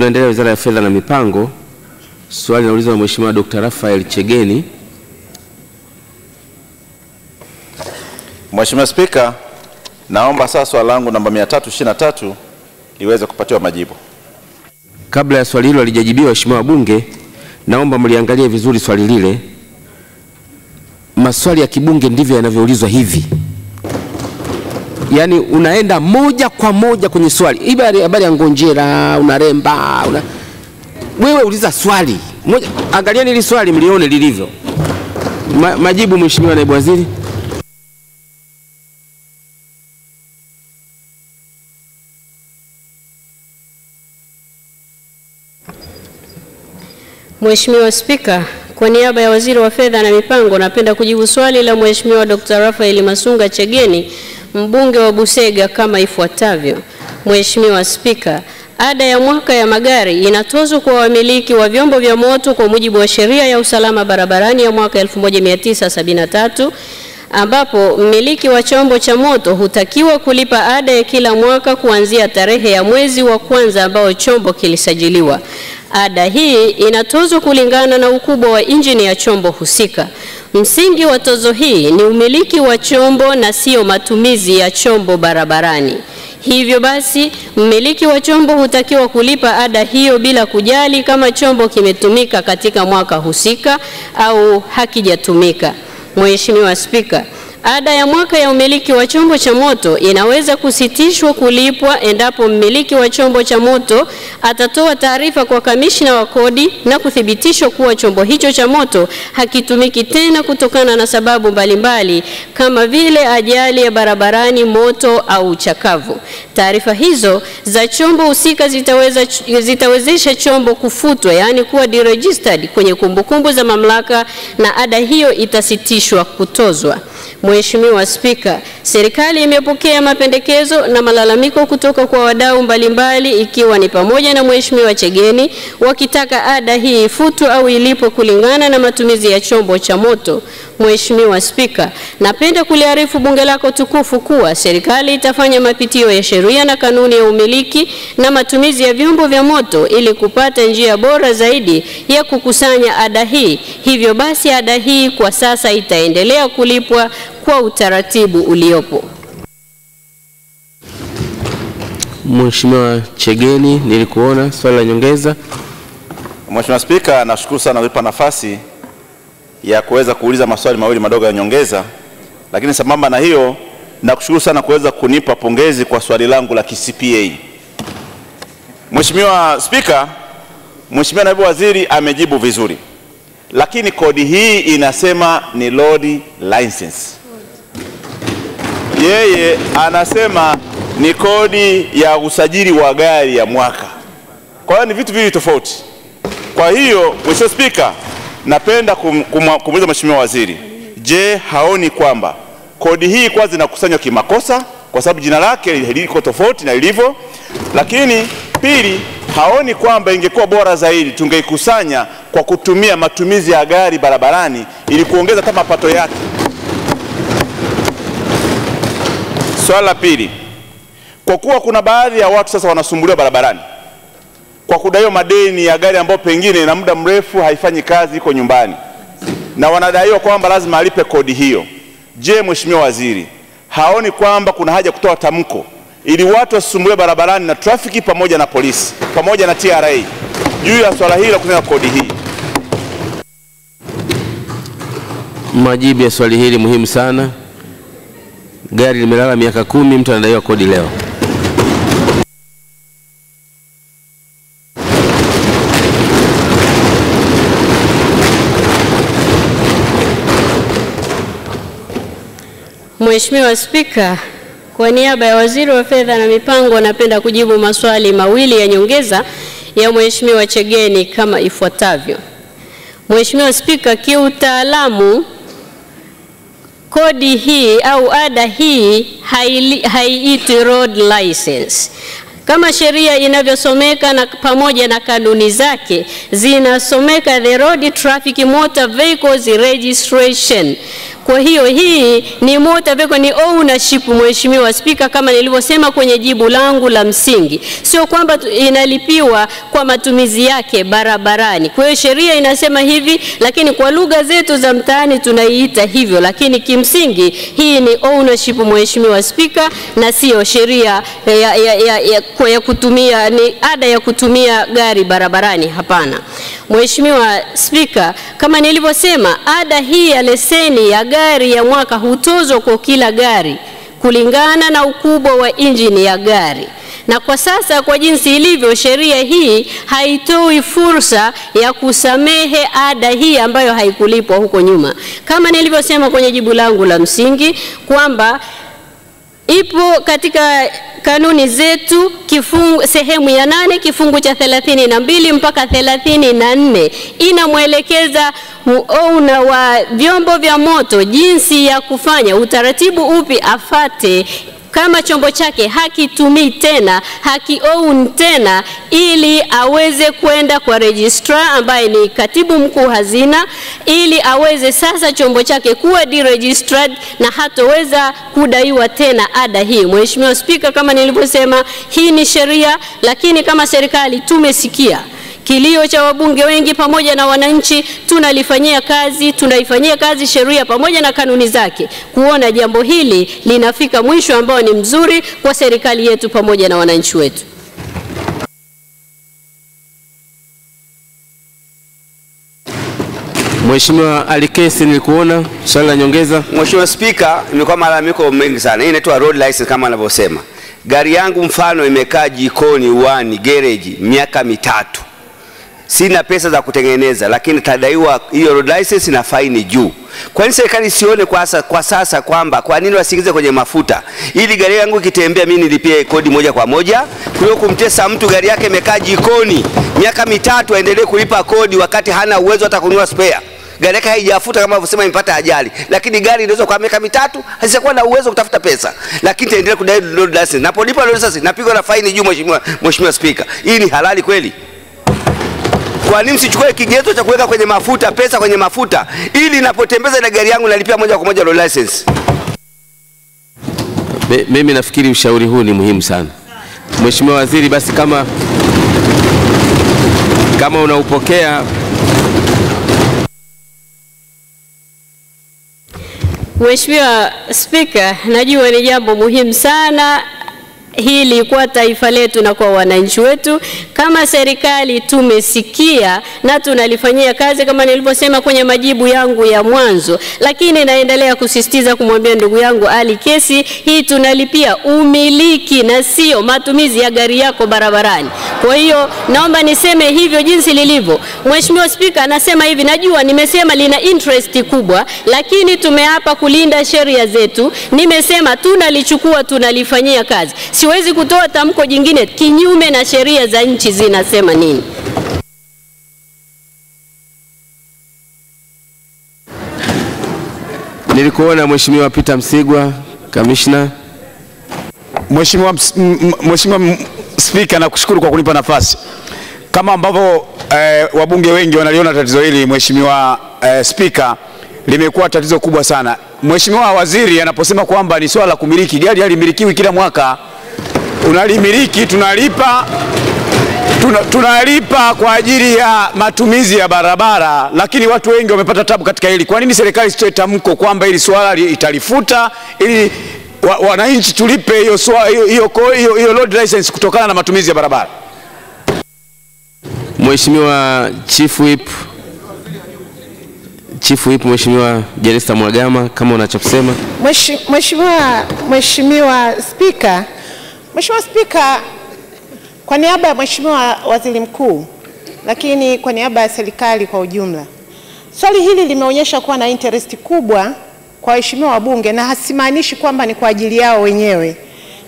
Tunaendelea Wizara ya Fedha na Mipango. Swali linaulizwa na Mheshimiwa Dkt. Raphael Chegeni. Mheshimiwa Spika, naomba sasa swali langu namba 323 liweze kupatiwa majibu. Kabla ya swali hilo alijajibiwa waheshimiwa wabunge, naomba mliangalie vizuri swali lile. Maswali ya kibunge ndivyo yanavyoulizwa hivi yani unaenda moja kwa moja kwenye swali. habari ya ngonjera, unaremba, una... wewe uliza swali moja. Angalieni hili swali mlione lilivyo. Ma, majibu Mheshimiwa Naibu Waziri. Mheshimiwa Spika, kwa niaba ya Waziri wa Fedha na Mipango, napenda kujibu swali la Mheshimiwa Dr. Rafael Masunga Chegeni mbunge wa Busega kama ifuatavyo. Mheshimiwa Spika, ada ya mwaka ya magari inatozwa kwa wamiliki wa vyombo vya moto kwa mujibu wa sheria ya usalama barabarani ya mwaka 1973 ambapo mmiliki wa chombo cha moto hutakiwa kulipa ada ya kila mwaka kuanzia tarehe ya mwezi wa kwanza ambao chombo kilisajiliwa. Ada hii inatozwa kulingana na ukubwa wa injini ya chombo husika. Msingi wa tozo hii ni umiliki wa chombo na siyo matumizi ya chombo barabarani. Hivyo basi, mmiliki wa chombo hutakiwa kulipa ada hiyo bila kujali kama chombo kimetumika katika mwaka husika au hakijatumika. Mheshimiwa Spika, Ada ya mwaka ya umiliki wa chombo cha moto inaweza kusitishwa kulipwa endapo mmiliki wa chombo cha moto atatoa taarifa kwa kamishna wa kodi na kuthibitishwa kuwa chombo hicho cha moto hakitumiki tena kutokana na sababu mbalimbali mbali, kama vile ajali ya barabarani, moto au uchakavu. Taarifa hizo za chombo husika zitaweza zitawezesha chombo kufutwa, yaani kuwa deregistered kwenye kumbukumbu za mamlaka, na ada hiyo itasitishwa kutozwa. Mheshimiwa Spika, serikali imepokea mapendekezo na malalamiko kutoka kwa wadau mbalimbali ikiwa ni pamoja na Mheshimiwa Chegeni wakitaka ada hii ifutwe au ilipo kulingana na matumizi ya chombo cha moto. Mheshimiwa Spika, napenda kuliarifu bunge lako tukufu kuwa serikali itafanya mapitio ya sheria na kanuni ya umiliki na matumizi ya vyombo vya moto ili kupata njia bora zaidi ya kukusanya ada hii. Hivyo basi, ada hii kwa sasa itaendelea kulipwa kwa utaratibu uliopo. Mheshimiwa Chegeni, nilikuona swali la nyongeza. Mheshimiwa Spika, nashukuru sana kunipa nafasi ya kuweza kuuliza maswali mawili madogo ya nyongeza, lakini sambamba na hiyo nakushukuru sana kuweza kunipa pongezi kwa swali langu la KCPA. Mheshimiwa Spika, Mheshimiwa Naibu Waziri amejibu vizuri, lakini kodi hii inasema ni road license, yeye anasema ni kodi ya usajili wa gari ya mwaka. Kwa hiyo ni vitu viwili tofauti. Kwa hiyo Mheshimiwa Spika, Napenda kumuliza kumuuliza Mheshimiwa Waziri, je, haoni kwamba kodi hii kwanza inakusanywa kimakosa kwa sababu jina lake liko tofauti na ilivyo, lakini pili, haoni kwamba ingekuwa bora zaidi tungeikusanya kwa kutumia matumizi ya gari barabarani ili kuongeza hata mapato yake? Swala la pili, kwa kuwa kuna baadhi ya watu sasa wanasumbuliwa barabarani kwa kudaiwa madeni ya gari ambayo pengine ina muda mrefu haifanyi kazi, iko nyumbani na wanadaiwa kwamba lazima alipe kodi hiyo. Je, Mheshimiwa Waziri haoni kwamba kuna haja kutoa tamko ili watu wasisumbue barabarani na trafiki pamoja na polisi pamoja na TRA juu ya swala hili la kutenga kodi hii? Majibu ya swali hili muhimu sana. Gari limelala miaka kumi, mtu anadaiwa kodi leo. Mheshimiwa Spika, kwa niaba ya Waziri wa Fedha na Mipango, napenda kujibu maswali mawili ya nyongeza ya Mheshimiwa Chegeni kama ifuatavyo. Mheshimiwa Spika, kiutaalamu kodi hii au ada hii haiitwi road license kama sheria inavyosomeka na pamoja na kanuni zake zinasomeka the Road Traffic Motor Vehicles Registration kwa hiyo hii ni moja ni ownership, Mheshimiwa Spika, kama nilivyosema kwenye jibu langu la msingi, sio kwamba inalipiwa kwa matumizi yake barabarani. Kwa hiyo sheria inasema hivi, lakini kwa lugha zetu za mtaani tunaiita hivyo, lakini kimsingi hii ni ownership, Mheshimiwa Spika, na siyo sheria ya, ya, ya, ya, ya kutumia ni ada ya kutumia gari barabarani. Hapana, Mheshimiwa Spika, kama nilivyosema, ada hii ya leseni ya gari magari ya mwaka hutozwa kwa kila gari kulingana na ukubwa wa injini ya gari. Na kwa sasa, kwa jinsi ilivyo, sheria hii haitoi fursa ya kusamehe ada hii ambayo haikulipwa huko nyuma, kama nilivyosema kwenye jibu langu la msingi kwamba ipo katika kanuni zetu kifungu, sehemu ya nane kifungu cha thelathini na mbili mpaka thelathini na nne inamwelekeza owner wa vyombo vya moto jinsi ya kufanya utaratibu upi afate kama chombo chake hakitumii tena, hakiown tena, ili aweze kwenda kwa registrar ambaye ni katibu mkuu hazina, ili aweze sasa chombo chake kuwa deregistered na hatoweza kudaiwa tena ada hii. Mheshimiwa Spika, kama nilivyosema, hii ni sheria, lakini kama serikali tumesikia Kilio cha wabunge wengi pamoja na wananchi tunalifanyia kazi, tunaifanyia kazi sheria pamoja na kanuni zake kuona jambo hili linafika mwisho ambao ni mzuri kwa serikali yetu pamoja na wananchi wetu. Mheshimiwa Alikesi, nilikuona swali la nyongeza. Mheshimiwa Spika, imekuwa malalamiko mengi sana. Hii inaitwa road license kama anavyosema. Gari yangu mfano imekaa jikoni, uani, gereji miaka mitatu sina pesa za kutengeneza, lakini tadaiwa hiyo road license na faini juu. Kwa nini serikali sione kwa, sasa, kwa sasa kwamba kwa nini wasiingize kwenye mafuta, ili gari yangu ikitembea mimi nilipie kodi moja kwa moja, kuliko kumtesa mtu gari yake imekaa jikoni miaka mitatu aendelee kulipa kodi wakati hana uwezo hata kununua spare gari yake haijafuta kama alivyosema imepata ajali, lakini gari inaweza kwa miaka mitatu hasijakuwa na uwezo kutafuta pesa, lakini taendelea kudai road license. Napolipa road license napigwa na faini juu. Mheshimiwa Spika, hii ni halali kweli? Kwa nini msichukue kigezo cha kuweka kwenye mafuta, pesa kwenye mafuta, ili ninapotembeza na gari yangu nalipia moja kwa moja license? Mimi nafikiri ushauri huu ni muhimu sana, Mheshimiwa Waziri. Basi kama kama unaupokea Mheshimiwa Spika, najua ni jambo muhimu sana hili kwa taifa letu na kwa wananchi wetu. Kama serikali tumesikia na tunalifanyia kazi, kama nilivyosema kwenye majibu yangu ya mwanzo, lakini naendelea kusisitiza kumwambia ndugu yangu Ali Kesi, hii tunalipia umiliki na sio matumizi ya gari yako barabarani. Kwa hiyo naomba niseme hivyo jinsi lilivyo. Mheshimiwa Spika anasema hivi, najua nimesema lina interest kubwa, lakini tumeapa kulinda sheria zetu. Nimesema tunalichukua tunalifanyia kazi siwezi kutoa tamko jingine kinyume na sheria za nchi zinasema nini. Nilikuona Mheshimiwa Peter Msigwa, kamishna. Mheshimiwa, Mheshimiwa Spika, nakushukuru kwa kunipa nafasi. Kama ambavyo eh, wabunge wengi wanaliona tatizo hili, Mheshimiwa eh, Spika, limekuwa tatizo kubwa sana. Mheshimiwa Waziri anaposema kwamba ni swala la kumiliki, gari halimilikiwi kila mwaka unalimiliki, tunalipa tuna, tunalipa kwa ajili ya matumizi ya barabara, lakini watu wengi wamepata tabu katika hili. Kwa nini serikali isitoe tamko kwamba hili swala italifuta ili wa, wananchi tulipe hiyo hiyo hiyo hiyo road license kutokana na matumizi ya barabara? Mheshimiwa Chief Whip, Chief Whip Mheshimiwa Jenista Mwagama, kama unachosema Mheshimiwa Mheshimiwa Spika, Mheshimiwa Spika, kwa niaba ya Mheshimiwa Waziri Mkuu, lakini kwa niaba ya serikali kwa ujumla, swali hili limeonyesha kuwa na interest kubwa kwa waheshimiwa wabunge, na hasimaanishi kwamba ni kwa ajili yao wenyewe,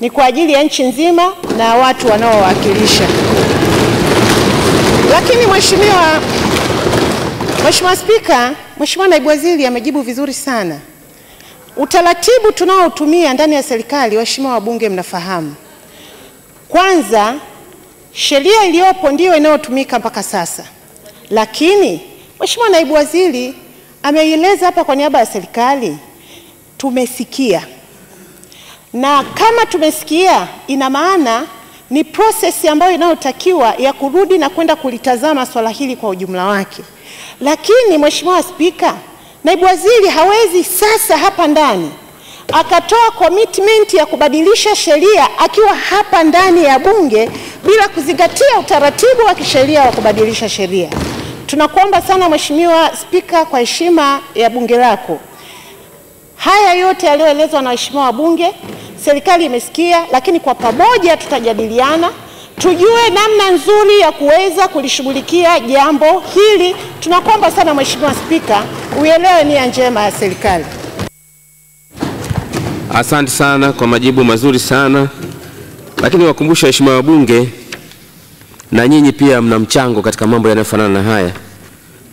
ni kwa ajili ya nchi nzima na watu wanaowakilisha. Lakini mheshimiwa, Mheshimiwa Spika, Mheshimiwa Naibu Waziri amejibu vizuri sana. Utaratibu tunaotumia ndani ya serikali, waheshimiwa wabunge mnafahamu. Kwanza, sheria iliyopo ndiyo inayotumika mpaka sasa, lakini Mheshimiwa Naibu Waziri ameieleza hapa kwa niaba ya serikali, tumesikia na kama tumesikia, ina maana ni process ambayo inayotakiwa ya kurudi na kwenda kulitazama swala hili kwa ujumla wake. Lakini Mheshimiwa Spika, Naibu Waziri hawezi sasa hapa ndani akatoa commitment ya kubadilisha sheria akiwa hapa ndani ya bunge bila kuzingatia utaratibu wa kisheria wa kubadilisha sheria. Tunakuomba sana Mheshimiwa Spika, kwa heshima ya bunge lako, haya yote yaliyoelezwa na waheshimiwa wabunge, serikali imesikia, lakini kwa pamoja tutajadiliana tujue namna nzuri ya kuweza kulishughulikia jambo hili. Tunakuomba sana Mheshimiwa Spika, uelewe nia njema ya serikali. Asante sana kwa majibu mazuri sana, lakini wakumbusha waheshimiwa wabunge, na nyinyi pia mna mchango katika mambo yanayofanana na haya.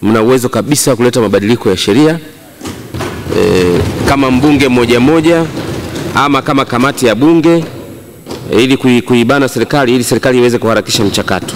Mna uwezo kabisa wa kuleta mabadiliko ya sheria e, kama mbunge mmoja mmoja ama kama kamati ya bunge e, ili kuibana serikali ili serikali iweze kuharakisha mchakato.